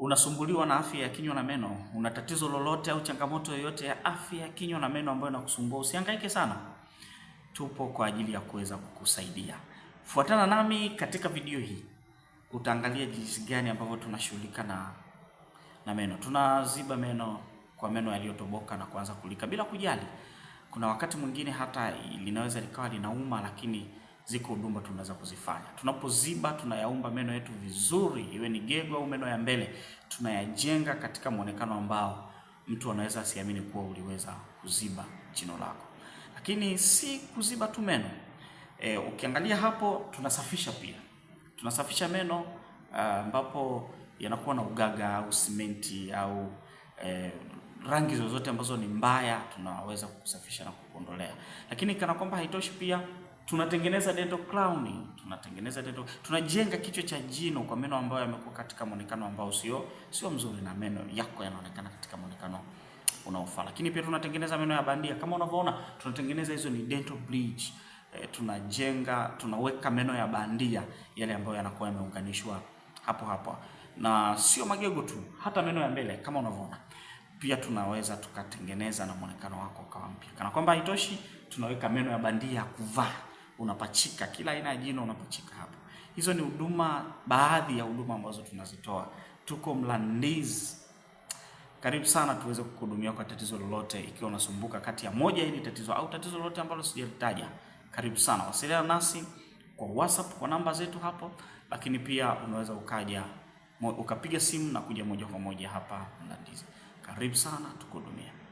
unasumbuliwa na afya ya kinywa na meno, una tatizo lolote au changamoto yoyote ya afya ya kinywa na meno ambayo inakusumbua, usihangaike sana, tupo kwa ajili ya kuweza kukusaidia. Fuatana nami katika video hii, utaangalia jinsi gani ambavyo tunashughulika na, na meno. Tunaziba meno kwa meno yaliyotoboka na kuanza kulika bila kujali. Kuna wakati mwingine hata linaweza likawa linauma, lakini ziko huduma tunaweza kuzifanya. Tunapoziba, tunayaumba meno yetu vizuri, iwe ni gego au meno ya mbele, tunayajenga katika mwonekano ambao mtu anaweza asiamini kuwa uliweza kuziba jino lako. Lakini si kuziba tu meno e, ukiangalia hapo tunasafisha pia, tunasafisha meno e, ambapo yanakuwa na ugaga au simenti au e, rangi zozote ambazo ni mbaya, tunaweza kusafisha na kukondolea. Lakini kana kwamba haitoshi pia tunatengeneza dental crowning, tunatengeneza dental, tunajenga kichwa cha jino kwa meno ambayo yamekuwa katika muonekano ambao sio sio mzuri, na meno yako yanaonekana katika muonekano unaofaa. Lakini pia tunatengeneza meno ya bandia kama unavyoona, tunatengeneza hizo ni dental bridge. E, eh, tunajenga tunaweka meno ya bandia yale ambayo yanakuwa yameunganishwa hapo hapo, na sio magego tu, hata meno ya mbele kama unavyoona pia tunaweza tukatengeneza na muonekano wako ukawa mpya. Kana kwamba haitoshi, tunaweka meno ya bandia ya kuvaa unapachika, kila aina ya jino unapachika hapo. Hizo ni huduma, baadhi ya huduma ambazo tunazitoa. Tuko Mlandizi, karibu sana tuweze kukuhudumia kwa tatizo lolote, ikiwa unasumbuka kati ya moja hili tatizo au tatizo lolote ambalo sijalitaja. Karibu sana, wasiliana nasi kwa WhatsApp kwa namba zetu hapo, lakini pia unaweza ukaja ukapiga simu na kuja moja kwa moja hapa Mlandizi. Karibu sana, tukuhudumia.